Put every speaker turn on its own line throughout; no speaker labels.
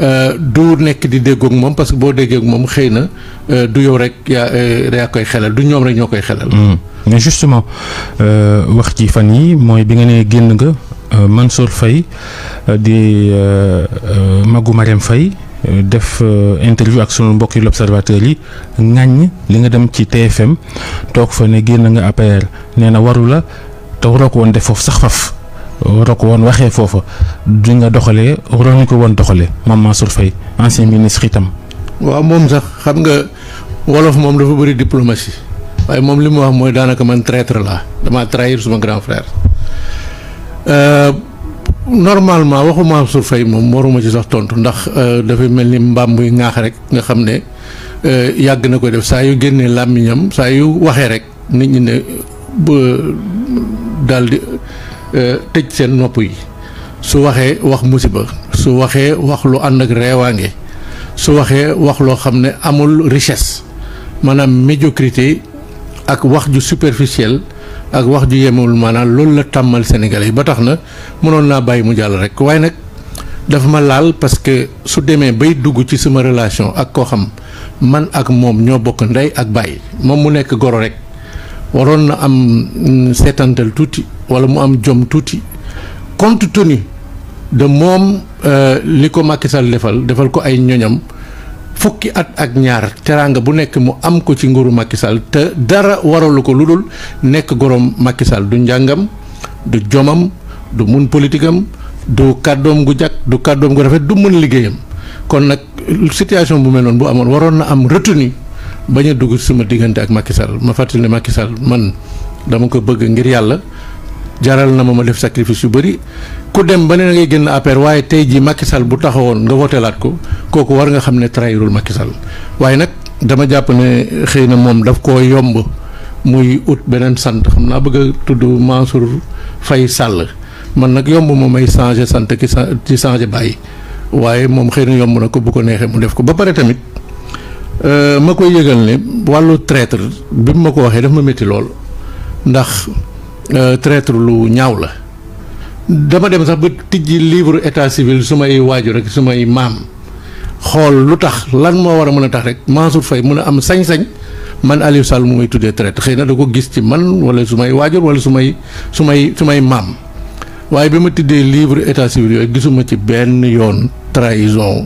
Euh, du nekk di déggook moom parce que boo déggoog moom xëy na euh, du yow rek yaa euh, yaa koy xelal du ñoom rek ñoo koy xelal.
Hmm. mais justement wax ci fan yi mooy bi nga nee génn nga Mansour fay di Magu fay Faye def interview ak sunu mbokk yi l'observateur yi ŋàññ li nga dem ci TFM toog fa ne génn nga APR nee na waru la te waroo ko woon def sax faf waroo ko woon waxee foofa du nga doxalee waroon ko woon doxalee moom Mansour Faye ancien ministre itam.
waaw moom sax xam nga wolof moom dafa bëri diplomatie waaye moom li mu wax mooy daanaka man traître laa damaa trahir suma grand frère. Euh, normalement waxu Mansour Faye moom waruma ci sax tontu ndax euh, dafa mel ni mbaam buy ŋaax rek nga xam ne euh, yàgg na ko def saa yu génnee làmmiñam saa yu waxee rek nit ñi ne ba di. Euh, tëj seen nopp yi su waxee wax musiba su waxee wax lu ànd ak reewaange su waxee wax loo xam ne amul richesse maanaam médiocrité ak wax ju superficiel ak wax ju yemul maanaam loolu la tàmmal sénégal yi ba tax na mënoon naa bàyyi mu jàll rek waaye nag dafa ma laal parce que su demee bay dugg ci sama relation ak koo xam man ak moom ñoo bokk ndey ak bàyyi moom mu nekk goro rek waroon na am mm, seetantal tuuti. wala mu am jom tuuti compte tenu de moom euh, li ko Macky defal defal ko ay ñoñam fukki at ak ñaar teraanga bu nekk mu am ko ci nguuru Macky te dara waralu ko lu dul nekk goroom Macky du njàngam du jomam du mun politikam am du kàddoom gu jàkk du kàddoom gu rafet du mën liggéeyam kon nag situation bu meloon noonu bu amoon waroon na am retenu bañ a dugg suma diggante ak Macky ma fàttali ne man dama ko bëgg ngir yàlla jaral na ma ma def sacrifice yu bëri ku dem ba ne na ngay génn APR waaye tey jii Macky bu taxawoon nga woteelaat ko kooku war nga xam ne trahirul Macky Sall waaye nag dama jàpp ne xëy na moom daf koo yomb muy ut beneen sant xam naa bëgg a tudd Mansour Faye Sall man nag yomb ma may changé sant ki ci changé bàyyi waaye moom xëy na yomb na ko bu ko neexee mu def ko ba pare tamit euh, ma koy yëgal ne wàllu traître bi mu ma ko waxee daf ma métti lool ndax. Euh, traître lu ñaaw la dama dem sax ba tijji livre état civil su may waajur ak su may maam xool lu tax lan moo war a mën a tax rek Mansour fay mun a am sañ-sañ man Aliou Sall mu may tuddee traître xëy na da ko gis ci man wala su may waajur wala su may su may su maam waaye bi ma tiddee livre état civil yooyu gisuma ci benn yoon trahison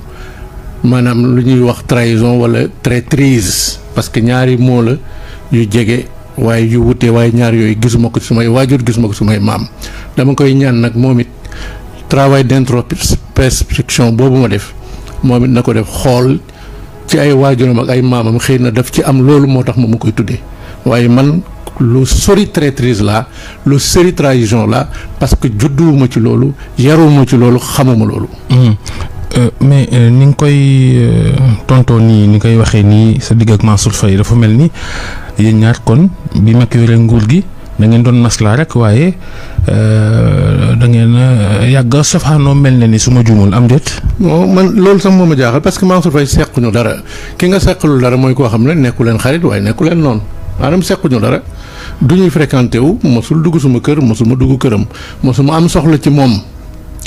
maanaam lu ñuy wax trahison wala traîtrise parce que ñaari moo la yu jege. waaye yu wutee waaye ñaar yooyu gisuma ko sumay waajur gisuma ko sumay maam dama koy ñaan nag moom it travail d'introspection boobu ma def moom it na ko def xool ci ay waajuram ak ay maamam xëy na daf ci am loolu moo tax ma mu koy tuddee waaye man lu sori traîtrise la lu sori trahison la parce que judduwuma ci loolu yaruwuma ci loolu xamuma loolu.
Hmm. Euh, mais euh, ni nga koy euh, tonton nii ni koy waxee nii sa digg ak Mansour Faye dafa mel ni. yéen ñaar kon bi Macky yore nguur gi da ngeen doon maslaa rek waaye euh, da ngeen yàgg a safaanoo mel na ni su ma juumul am déet. non
man loolu sax moo ma jaaxal parce que Mansour Faye sequñu dara ki nga seqalul dara mooy koo xam ne nekku leen xarit waaye nekku leen noonu maanaam sequñu dara du ñuy fréquenté wu mosul dugg suma kër mosuma dugg këram mosuma am soxla ci moom.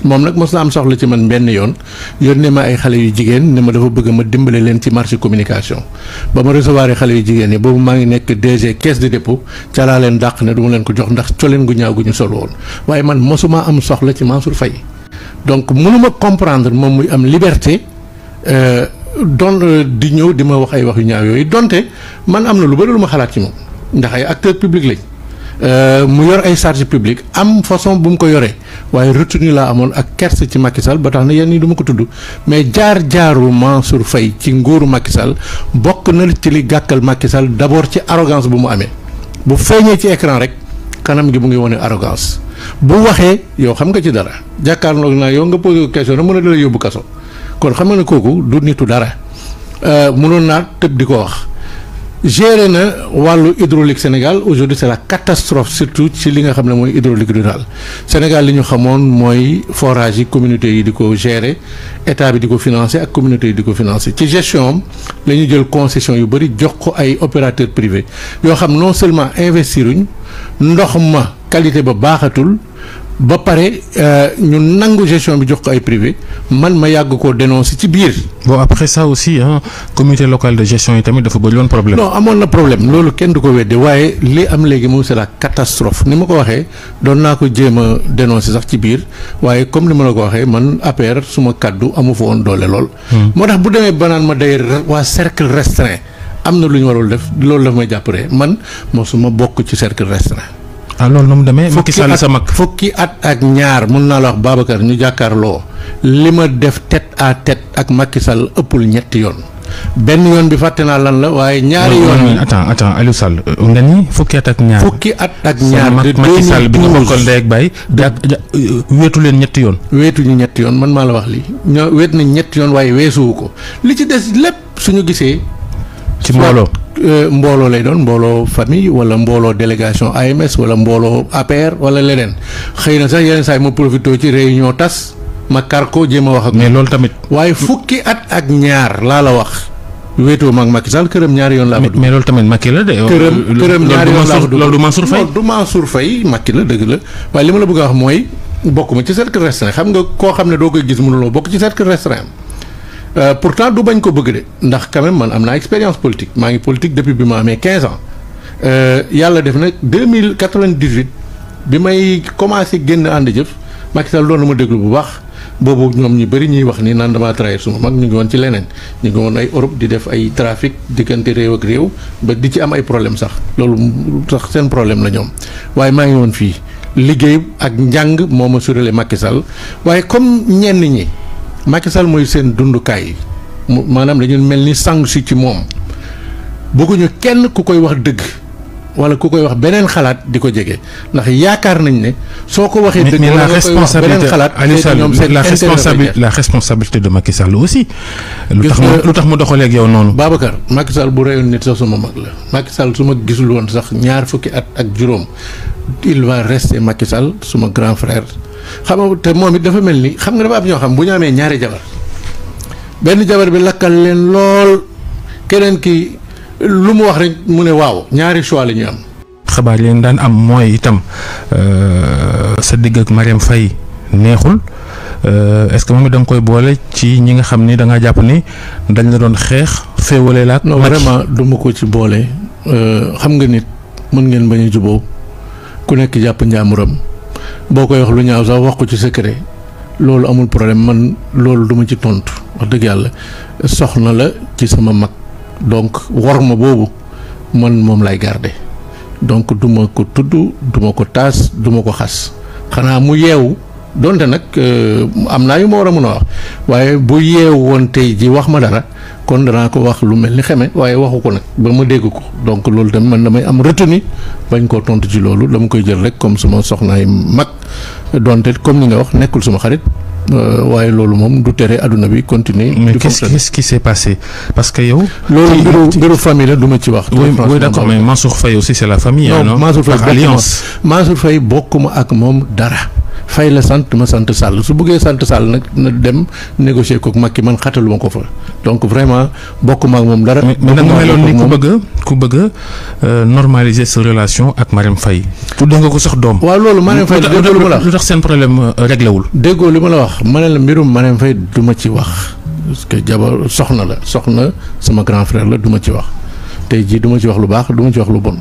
moom nag mos na am soxla ci man benn yoon ne ma ay xale yu jigéen ne ma dafa bëgg ma dimbale leen ci marché communication ba ma recevoir xale yu jigéen yi boobu maa ngi nekk DG caisse de dépôt ca laa leen dàq ne du leen ko jox ndax coleen gu ñaaw gu ñu sol woon waaye man mosuma am soxla ci Mansour Faye donc mënuma comprendre moom muy am liberté euh, doon euh, di ñëw di ma wax ay wax yu ñaaw yooyu donte man am na lu bëri ma xalaat ci moom ndax ay acteur public Euh, mu yor ay charge publique am façon bu mu ko yoree waaye retenu laa amoon ak kerse ci Macky Sall ba tax na yenn yi duma ko tudd mais jaar jaaru Mansour Faye ci nguuru Macky Sall bokk na ci li gàkkal Macky Sall d'abord ci arrogance bu mu amee bu feeñee ci écran rek kanam gi mu ngi wone arrogance bu waxee yow xam nga ci dara jàkkaarloog naa yow nga posé question na mën a dala yóbbu kaso kon xam nga ne kooku du nitu dara euh, mënoon naa tëb di ko wax géré na wàllu hydraulique Sénégal aujourd'hui c'est la catastrophe surtout ci li nga xam ne mooy hydraulique rural Sénégal li ñu xamoon mooy forage yi communauté yi di ko gérer état bi di ko financé ak communauté yi di ko financé ci gestion am la ñu jël concession yu bëri jox ko ay opérateurs privés yoo xam non seulement investir investiruñ ndox ma qualité ba baaxatul ba pare euh, ñu nangu gestion bi jox ko ay privé man ma yàgg koo dénoncé ci biir. bon après ça aussi hein comité
local de gestion yi tamit dafa bëri woon problème. amoon na
problème loolu kenn du ko wedde waaye li am léegi moom c'est la catastrophe ni ma ko waxee doon naa ko jéem a dénoncé sax ci biir waaye comme ni ma la ko waxee man APR suma kàddu amu fa woon doole lool. Hmm. moo tax bu demee banaan ma day waa cercle restreint am na lu ñu warul def loolu daf may jàppale man mosuma bokk ci cercle restreint.
ah loolu nu mu demee Macky Sall sa
mag fukki at ak ñaar mun naa la wax Babacar ñu jàkkaarloo li ma def tête à tête ak Macky Sall ëppul ñetti yoon benn yoon bi fàtte naa lan la waaye ñaari yoon yi
attends attends Aliou Sall euh, nga ni fukki at ak ñaar fukki at ak ñaar Macky Sall bi nga bokkal ndey ak euh, weetu leen ñetti yoon weetu ñu ñetti yoon man maa la wax lii ñoo weet nañ
ñetti yoon waaye weesuwu ko li ci des lépp su suñu gisee ci mbooloo Euh, mbooloo lay doon mbooloo famille wala mbooloo délégation AMS wala mbooloo APR wala leneen xëy na sax yeneen saa yi ma profité ci réunion tas ma kar ko jéem a wax ak. mais loolu tamit. waaye fukki at ak ñaar laa la wax. wéetoo maag Macky Sall këram ñaari yoon laa ko dugg. mais loolu tamit Macky la de. këram këram ñaari yoon laa ko dugg loolu du Mansour Faye du Mansour la dëgg la waaye li ma la bëgg a wax mooy bokk ma ci cercle restreint xam nga koo xam ne doo koy gis mënuloo bokk ci cercle restreint Euh, pourtant du bañ ko bëgg de ndax quand même man am naa expérience politique maa ngi politique depuis bi ma amee 15 ans euh, yàlla def na 2098 bi may commencé génn ànd jëf Macky Sall doon na ma déglu bu baax boobu ñoom ñu bëri ñuy wax ni naan damaa trahir suma mag ñu ngi woon ci leneen ñu ngi woon ay Europe di def ay trafic diggante réew ak réew ba di ci am ay problème sax loolu sax seen problème la ñoom waaye maa ngi woon fii liggéey ak njàng moo ma surale Macky Sall waaye Macky Sall mooy seen dundukaay maanaam dañu mel ni sangu si ci moom bëgguñu kenn ku koy wax dëgg. wala ku koy wax beneen xalaat di ko jege ndax yaakaar nañ ne soo ko waxee. dëgg la responsabilité Aliou Sall la responsabilité
la responsabilité de Macky Sall aussi. lu tax lu tax mu doxalee ak yow noonu. Babacar Macky Sall bu reyoon nit sax suma mag la
Macky Sall su ma gisul woon sax ñaar fukki at ak juróom il va rester Macky Sall suma grand frère. nga te moom it dafa mel ni xam nga dafa am ñoo xam bu ñu amee ñaari jabar benn jabar bi lakkal leen lool keneen ki. lu mu wax rek mu ne waaw ñaari choix lañuy am.
xabaar yi daan am mooy itam euh, sa digg ak Mariam Faye neexul euh, est-ce que moom da nga koy boole ci ñi nga xam ni danga jàpp ni dañ la doon xeex féewale la ak. non vraiment du
ma ko ci boole euh, xam nga nit mën ngeen bañ a juboo ku nekk jàpp njaamuram boo koy wax lu ñaaw sax wax ko ci secret loolu amul problème man loolu du ma ci tontu wax dëgg yàlla soxna la ci sama mag. donc ma boobu man moom lay garder donc du ma ko tudd du ma ko taas du ma ko xas xanaa mu yeewu donte nag euh, am naa yu ma war a mën a wax waaye bu yeewu woon tey ji wax ma dara kon danaa ko wax lu mel ni xeme waaye waxu ko nag ba ma dégg ko donc loolu tamit man damay am retenu bañ koo tontu ci loolu dama koy jël rek comme suma soxnaay mag donte comme ni nga wax nekkul suma xarit Euh, waaye loolu moom du tere àdduna bi
continuer. mais qu'est-ce qui s'est passé parce que yow. loolu mbiru mbiru famille la du ma ci wax. oui oui d'accord mais Mansour Faye aussi c'est la famille. non Mansour Faye bokkuma alliance
Mansour Faye bokkuma ak moom dara. fay la sant ma sant Sall su bëggee sant Sall nag na dem négocier kook ki man xatalu ma ko fa donc vraiment bokk ma ak moom dara. mais da nga meloon ni ku bëgg
ku euh, bëgg normaliser sa relation ak Marème Faye. tudd nga ko sax doom. waaw loolu Marème Faye déggoo lu ma lu tax seen problème euh, réglé wul.
déggoo li ma la wax ma ne la mbirum Marème fay duma ma ci wax parce que jabar soxna la soxna sama grand frère la duma ci wax tey jii duma ci wax lu baax du ma ci wax lu bon.